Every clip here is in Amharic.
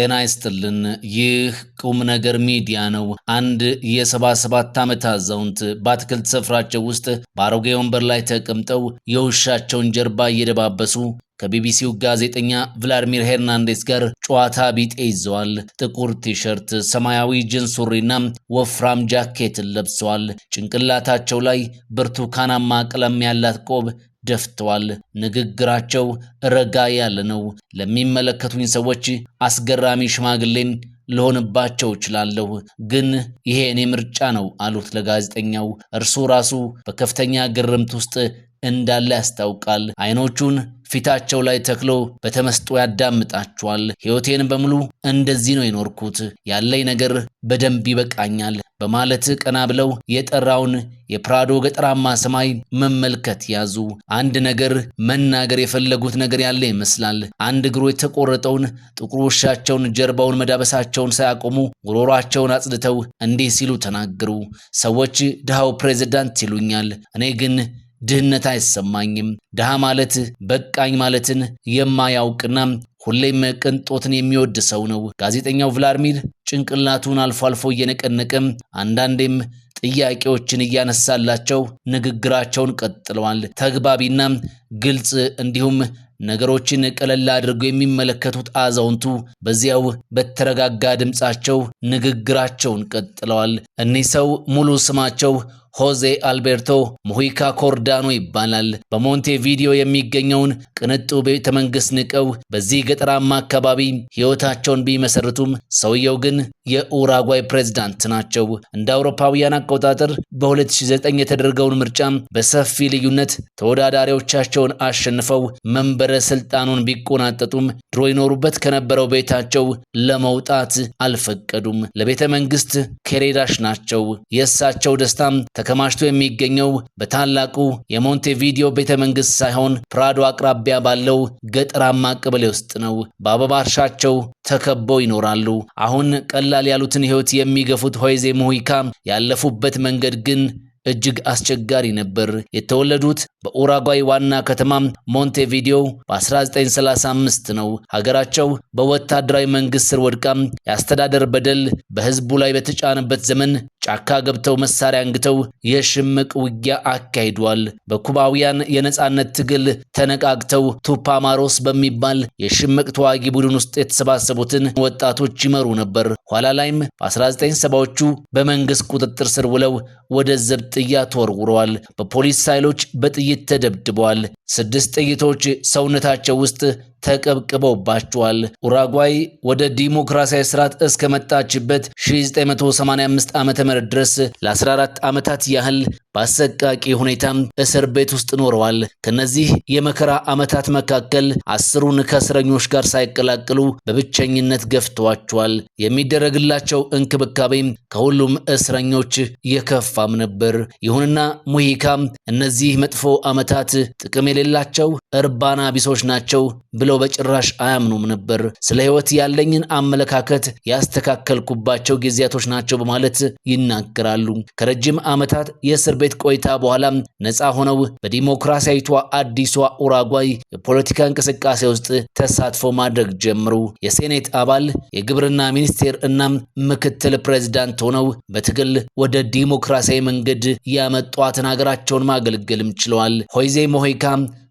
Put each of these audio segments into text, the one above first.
ጤና ይስጥልን። ይህ ቁም ነገር ሚዲያ ነው። አንድ የ77 ዓመት አዛውንት በአትክልት ስፍራቸው ውስጥ በአሮጌ ወንበር ላይ ተቀምጠው የውሻቸውን ጀርባ እየደባበሱ ከቢቢሲው ጋዜጠኛ ቭላድሚር ሄርናንዴስ ጋር ጨዋታ ቢጤ ይዘዋል። ጥቁር ቲሸርት፣ ሰማያዊ ጅንስ ሱሪና ወፍራም ጃኬትን ለብሰዋል። ጭንቅላታቸው ላይ ብርቱካናማ ቀለም ያላት ቆብ ደፍተዋል። ንግግራቸው ረጋ ያለ ነው። ለሚመለከቱኝ ሰዎች አስገራሚ ሽማግሌን ልሆንባቸው እችላለሁ፣ ግን ይሄ እኔ ምርጫ ነው አሉት ለጋዜጠኛው። እርሱ ራሱ በከፍተኛ ግርምት ውስጥ እንዳለ ያስታውቃል። አይኖቹን ፊታቸው ላይ ተክሎ በተመስጦ ያዳምጣቸዋል። ሕይወቴን በሙሉ እንደዚህ ነው የኖርኩት፣ ያለኝ ነገር በደንብ ይበቃኛል፣ በማለት ቀና ብለው የጠራውን የፕራዶ ገጠራማ ሰማይ መመልከት ያዙ። አንድ ነገር መናገር የፈለጉት ነገር ያለ ይመስላል። አንድ እግሩ የተቆረጠውን ጥቁር ውሻቸውን ጀርባውን መዳበሳቸውን ሳያቆሙ ጉሮሯቸውን አጽድተው እንዲህ ሲሉ ተናገሩ። ሰዎች ድሃው ፕሬዝዳንት ይሉኛል፣ እኔ ግን ድህነት አይሰማኝም። ድሃ ማለት በቃኝ ማለትን የማያውቅና ሁሌም ቅንጦትን የሚወድ ሰው ነው። ጋዜጠኛው ቭላድሚር ጭንቅላቱን አልፎ አልፎ እየነቀነቀም አንዳንዴም ጥያቄዎችን እያነሳላቸው ንግግራቸውን ቀጥለዋል። ተግባቢና ግልጽ እንዲሁም ነገሮችን ቀለል አድርገው የሚመለከቱት አዛውንቱ በዚያው በተረጋጋ ድምፃቸው ንግግራቸውን ቀጥለዋል። እኒህ ሰው ሙሉ ስማቸው ሆዜ አልቤርቶ ሙሂካ ኮርዳኖ ይባላል። በሞንቴ ቪዲዮ የሚገኘውን ቅንጡ ቤተ መንግስት ንቀው በዚህ ገጠራማ አካባቢ ህይወታቸውን ቢመሰርቱም ሰውየው ግን የኡራጓይ ፕሬዝዳንት ናቸው። እንደ አውሮፓውያን አቆጣጠር በ2009 የተደረገውን ምርጫ በሰፊ ልዩነት ተወዳዳሪዎቻቸውን አሸንፈው መንበረ ስልጣኑን ቢቆናጠጡም ድሮ ይኖሩበት ከነበረው ቤታቸው ለመውጣት አልፈቀዱም። ለቤተ መንግስት ኬሬዳሽ ናቸው። የእሳቸው ደስታም ተከማችቶ የሚገኘው በታላቁ የሞንቴቪዲዮ ቤተ መንግስት ሳይሆን ፕራዶ አቅራቢያ ባለው ገጠራማ ቀበሌ ውስጥ ነው። በአበባ እርሻቸው ተከበው ይኖራሉ። አሁን ቀላል ያሉትን ሕይወት የሚገፉት ሆይዜ ሙሂካ ያለፉበት መንገድ ግን እጅግ አስቸጋሪ ነበር። የተወለዱት በኡራጓይ ዋና ከተማ ሞንቴቪዲዮ በ1935 ነው። ሀገራቸው በወታደራዊ መንግስት ስር ወድቃ የአስተዳደር በደል በህዝቡ ላይ በተጫነበት ዘመን ጫካ ገብተው መሳሪያ አንግተው የሽምቅ ውጊያ አካሂዷል። በኩባውያን የነጻነት ትግል ተነቃቅተው ቱፓማሮስ በሚባል የሽምቅ ተዋጊ ቡድን ውስጥ የተሰባሰቡትን ወጣቶች ይመሩ ነበር። ኋላ ላይም በ1970ዎቹ በመንግስት ቁጥጥር ስር ውለው ወደ ዘብጥያ ተወርውረዋል። በፖሊስ ኃይሎች በጥይት ተደብድበዋል። ስድስት ጥይቶች ሰውነታቸው ውስጥ ተቀብቅበውባቸዋል። ኡራጓይ ወደ ዲሞክራሲያዊ ስርዓት እስከመጣችበት 1985 ዓ ም ድረስ ለ14 ዓመታት ያህል በአሰቃቂ ሁኔታ እስር ቤት ውስጥ ኖረዋል። ከነዚህ የመከራ ዓመታት መካከል አስሩን ከእስረኞች ጋር ሳይቀላቅሉ በብቸኝነት ገፍተዋቸዋል። የሚደረግላቸው እንክብካቤም ከሁሉም እስረኞች የከፋም ነበር። ይሁንና ሙሂካ እነዚህ መጥፎ ዓመታት ጥቅም የሌላቸው እርባና ቢሶች ናቸው ብ ብለው በጭራሽ አያምኑም ነበር። ስለ ህይወት ያለኝን አመለካከት ያስተካከልኩባቸው ጊዜያቶች ናቸው በማለት ይናገራሉ። ከረጅም ዓመታት የእስር ቤት ቆይታ በኋላ ነፃ ሆነው በዲሞክራሲያዊቷ አዲሷ ኡራጓይ የፖለቲካ እንቅስቃሴ ውስጥ ተሳትፎ ማድረግ ጀምሩ። የሴኔት አባል፣ የግብርና ሚኒስቴር እናም ምክትል ፕሬዚዳንት ሆነው በትግል ወደ ዲሞክራሲያዊ መንገድ ያመጧትን ሀገራቸውን ማገልገልም ችለዋል። ሆይዜ ሞሂካ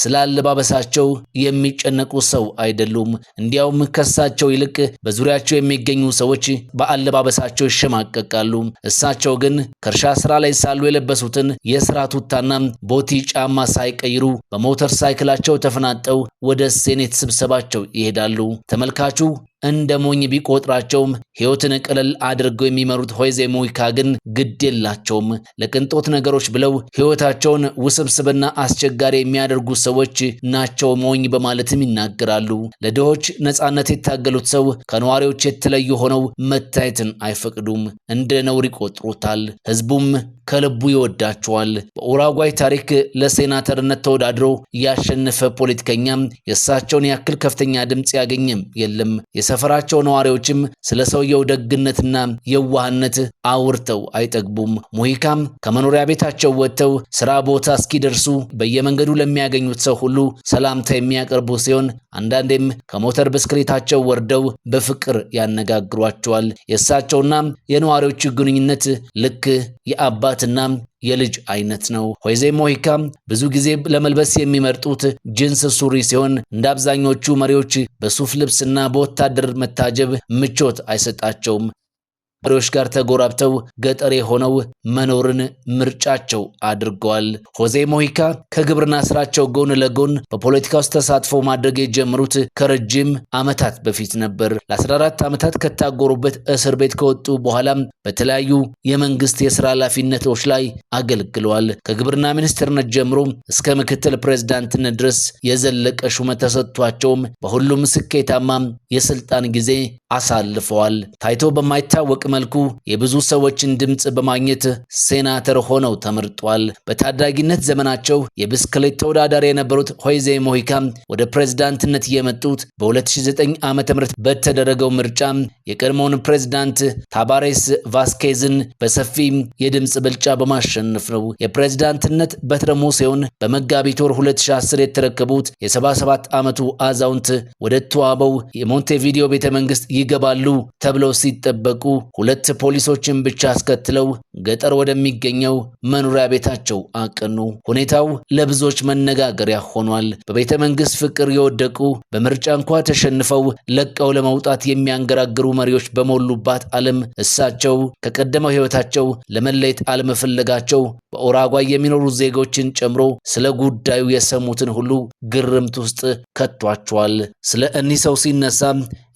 ስላለባበሳቸው የሚጨነቁ ሰው አይደሉም። እንዲያውም ከሳቸው ይልቅ በዙሪያቸው የሚገኙ ሰዎች በአለባበሳቸው ይሸማቀቃሉ። እሳቸው ግን ከእርሻ ስራ ላይ ሳሉ የለበሱትን የስራ ቱታና ቦቲ ጫማ ሳይቀይሩ በሞተር ሳይክላቸው ተፈናጠው ወደ ሴኔት ስብሰባቸው ይሄዳሉ። ተመልካቹ እንደ ሞኝ ቢቆጥራቸውም ሕይወትን ቅለል አድርገው የሚመሩት ሆይዜ ሙይካ ግን ግድ የላቸውም። ለቅንጦት ነገሮች ብለው ሕይወታቸውን ውስብስብና አስቸጋሪ የሚያደርጉ ሰዎች ናቸው ሞኝ በማለትም ይናገራሉ። ለድሆች ነፃነት የታገሉት ሰው ከነዋሪዎች የተለዩ ሆነው መታየትን አይፈቅዱም፣ እንደ ነውር ይቆጥሩታል። ህዝቡም ከልቡ ይወዳቸዋል። በኡራጓይ ታሪክ ለሴናተርነት ተወዳድሮ ያሸነፈ ፖለቲከኛም የእሳቸውን ያክል ከፍተኛ ድምፅ ያገኘም የለም። የሰፈራቸው ነዋሪዎችም ስለ ሰውየው ደግነትና የዋህነት አውርተው አይጠግቡም። ሙሂካም ከመኖሪያ ቤታቸው ወጥተው ስራ ቦታ እስኪደርሱ በየመንገዱ ለሚያገኙት ሰው ሁሉ ሰላምታ የሚያቀርቡ ሲሆን አንዳንዴም ከሞተር ብስክሌታቸው ወርደው በፍቅር ያነጋግሯቸዋል። የእሳቸውና የነዋሪዎቹ ግንኙነት ልክ የአባትና የልጅ አይነት ነው። ሆይዜ ሞሂካ ብዙ ጊዜ ለመልበስ የሚመርጡት ጅንስ ሱሪ ሲሆን እንደ አብዛኞቹ መሪዎች በሱፍ ልብስና በወታደር መታጀብ ምቾት አይሰጣቸውም። ሪዎች ጋር ተጎራብተው ገጠር የሆነው መኖርን ምርጫቸው አድርገዋል። ሆዜ ሞሂካ ከግብርና ስራቸው ጎን ለጎን በፖለቲካ ውስጥ ተሳትፎ ማድረግ የጀመሩት ከረጅም ዓመታት በፊት ነበር። ለ14 ዓመታት ከታጎሩበት እስር ቤት ከወጡ በኋላም በተለያዩ የመንግስት የስራ ኃላፊነቶች ላይ አገልግለዋል። ከግብርና ሚኒስትርነት ጀምሮ እስከ ምክትል ፕሬዝዳንትነት ድረስ የዘለቀ ሹመት ተሰጥቷቸውም በሁሉም ስኬታማ የስልጣን ጊዜ አሳልፈዋል። ታይቶ በማይታወቅ መልኩ የብዙ ሰዎችን ድምፅ በማግኘት ሴናተር ሆነው ተመርጧል። በታዳጊነት ዘመናቸው የብስክሌት ተወዳዳሪ የነበሩት ሆይዜ ሞሂካ ወደ ፕሬዝዳንትነት የመጡት በ2009 ዓ ም በተደረገው ምርጫ የቀድሞውን ፕሬዝዳንት ታባሬስ ቫስኬዝን በሰፊ የድምፅ ብልጫ በማሸነፍ ነው። የፕሬዝዳንትነት በትረ በመጋቢት ወር 2010 የተረከቡት የ77 ዓመቱ አዛውንት ወደ ተዋበው የሞንቴቪዲዮ ቤተ መንግስት ይገባሉ ተብለው ሲጠበቁ ሁለት ፖሊሶችን ብቻ አስከትለው ገጠር ወደሚገኘው መኖሪያ ቤታቸው አቀኑ። ሁኔታው ለብዙዎች መነጋገሪያ ሆኗል። በቤተ መንግስት ፍቅር የወደቁ በምርጫ እንኳ ተሸንፈው ለቀው ለመውጣት የሚያንገራግሩ መሪዎች በሞሉባት ዓለም እሳቸው ከቀደመው ሕይወታቸው ለመለየት አለመፈለጋቸው በኦራጓይ የሚኖሩ ዜጎችን ጨምሮ ስለ ጉዳዩ የሰሙትን ሁሉ ግርምት ውስጥ ከቷቸዋል። ስለ እኒህ ሰው ሲነሳ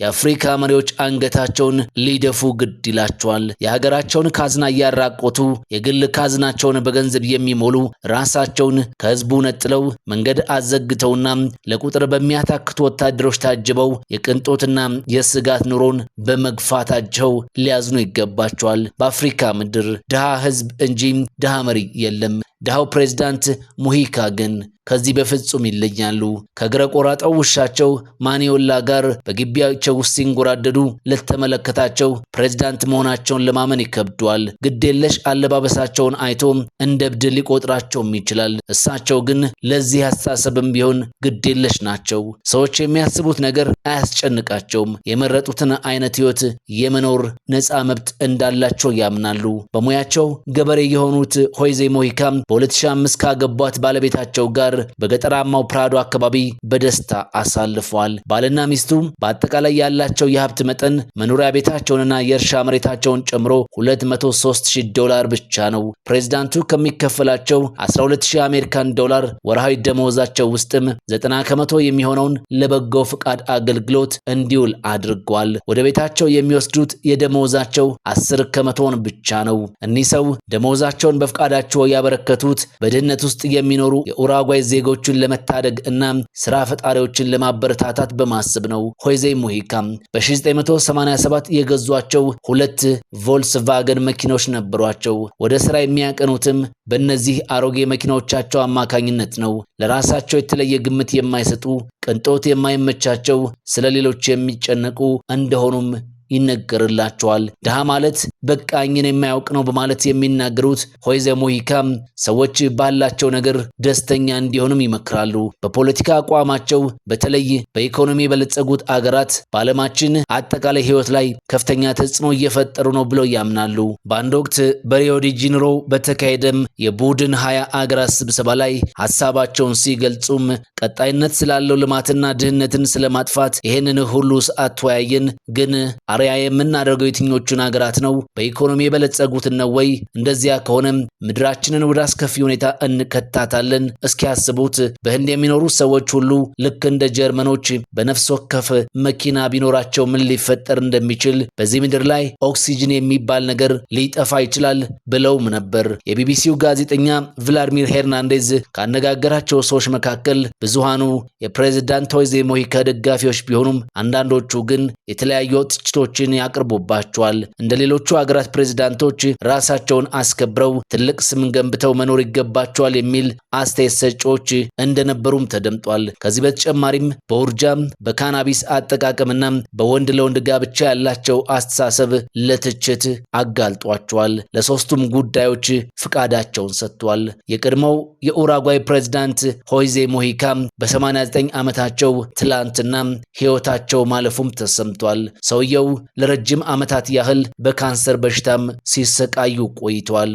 የአፍሪካ መሪዎች አንገታቸውን ሊደፉ ግድ ይላቸዋል። የሀገራቸውን ካዝና እያራቆቱ የግል ካዝናቸውን በገንዘብ የሚሞሉ ራሳቸውን ከህዝቡ ነጥለው መንገድ አዘግተውና ለቁጥር በሚያታክቱ ወታደሮች ታጅበው የቅንጦትና የስጋት ኑሮን በመግፋታቸው ሊያዝኑ ይገባቸዋል። በአፍሪካ ምድር ድሃ ህዝብ እንጂ ድሃ መሪ የለም። ድሃው ፕሬዝዳንት ሙሂካ ግን ከዚህ በፍጹም ይለያሉ። ከግረ ቆራጣው ውሻቸው ማኒዮላ ጋር በግቢያቸው ውስጥ ሲንጎራደዱ ለተመለከታቸው ፕሬዝዳንት መሆናቸውን ለማመን ይከብደዋል። ግዴለሽ አለባበሳቸውን አይቶ እንደ እብድ ሊቆጥራቸውም ይችላል። እሳቸው ግን ለዚህ አስተሳሰብም ቢሆን ግዴለሽ ናቸው። ሰዎች የሚያስቡት ነገር አያስጨንቃቸውም። የመረጡትን አይነት ህይወት የመኖር ነፃ መብት እንዳላቸው ያምናሉ። በሙያቸው ገበሬ የሆኑት ሆይዜ ሞሂካም በ2005 ካገቧት ባለቤታቸው ጋር በገጠራማው ፕራዶ አካባቢ በደስታ አሳልፈዋል። ባልና ሚስቱ በአጠቃላይ ያላቸው የሀብት መጠን መኖሪያ ቤታቸውንና የእርሻ መሬታቸውን ጨምሮ 203000 ዶላር ብቻ ነው። ፕሬዝዳንቱ ከሚከፈላቸው 120 አሜሪካን ዶላር ወርሃዊ ደመወዛቸው ውስጥም 90 ከመቶ የሚሆነውን ለበጎ ፍቃድ አገልግሎት እንዲውል አድርጓል። ወደ ቤታቸው የሚወስዱት የደመወዛቸው 10 ከመቶውን ብቻ ነው። እኒህ ሰው ደመወዛቸውን በፍቃዳቸው ያበረከቱ ሲመለከቱት በድህነት ውስጥ የሚኖሩ የኡራጓይ ዜጎችን ለመታደግ እናም ስራ ፈጣሪዎችን ለማበረታታት በማሰብ ነው። ሆይዜ ሙሂካ በ1987 የገዟቸው ሁለት ቮልስቫገን መኪናዎች ነበሯቸው። ወደ ስራ የሚያቀኑትም በእነዚህ አሮጌ መኪናዎቻቸው አማካኝነት ነው። ለራሳቸው የተለየ ግምት የማይሰጡ ቅንጦት የማይመቻቸው፣ ስለ ሌሎች የሚጨነቁ እንደሆኑም ይነገርላቸዋል። ድሃ ማለት በቃኝን የማያውቅ ነው በማለት የሚናገሩት ሆይዘ ሞሂካም ሰዎች ባላቸው ነገር ደስተኛ እንዲሆንም ይመክራሉ። በፖለቲካ አቋማቸው በተለይ በኢኮኖሚ የበለጸጉት አገራት በዓለማችን አጠቃላይ ሕይወት ላይ ከፍተኛ ተጽዕኖ እየፈጠሩ ነው ብለው ያምናሉ። በአንድ ወቅት በሪዮ ዲ ጄኔሮ በተካሄደም የቡድን ሀያ አገራት ስብሰባ ላይ ሀሳባቸውን ሲገልጹም ቀጣይነት ስላለው ልማትና ድህነትን ስለማጥፋት ይህንን ሁሉ ሰዓት ተወያየን ግን አርያ የምናደርገው የትኞቹን ሀገራት ነው? በኢኮኖሚ የበለጸጉትን ነው ወይ? እንደዚያ ከሆነም ምድራችንን ወደ አስከፊ ሁኔታ እንከታታለን። እስኪያስቡት በህንድ የሚኖሩ ሰዎች ሁሉ ልክ እንደ ጀርመኖች በነፍስ ወከፍ መኪና ቢኖራቸው ምን ሊፈጠር እንደሚችል በዚህ ምድር ላይ ኦክሲጅን የሚባል ነገር ሊጠፋ ይችላል ብለውም ነበር። የቢቢሲው ጋዜጠኛ ቭላድሚር ሄርናንዴዝ ካነጋገራቸው ሰዎች መካከል ብዙሃኑ የፕሬዝዳንት ቶይዜ ሞሂካ ደጋፊዎች ቢሆኑም አንዳንዶቹ ግን የተለያዩ ትችቶች ትችቶችን ያቀርቡባቸዋል። እንደ ሌሎቹ ሀገራት ፕሬዝዳንቶች ራሳቸውን አስከብረው ትልቅ ስም ገንብተው መኖር ይገባቸዋል የሚል አስተያየት ሰጪዎች እንደነበሩም ተደምጧል። ከዚህ በተጨማሪም በውርጃ በካናቢስ አጠቃቀምና በወንድ ለወንድ ጋብቻ ያላቸው አስተሳሰብ ለትችት አጋልጧቸዋል። ለሶስቱም ጉዳዮች ፍቃዳቸውን ሰጥቷል። የቀድሞው የኡራጓይ ፕሬዝዳንት ሆይዜ ሞሂካ በ89 ዓመታቸው ትላንትና ሕይወታቸው ማለፉም ተሰምቷል። ሰውየው ለረጅም ዓመታት ያህል በካንሰር በሽታም ሲሰቃዩ ቆይቷል።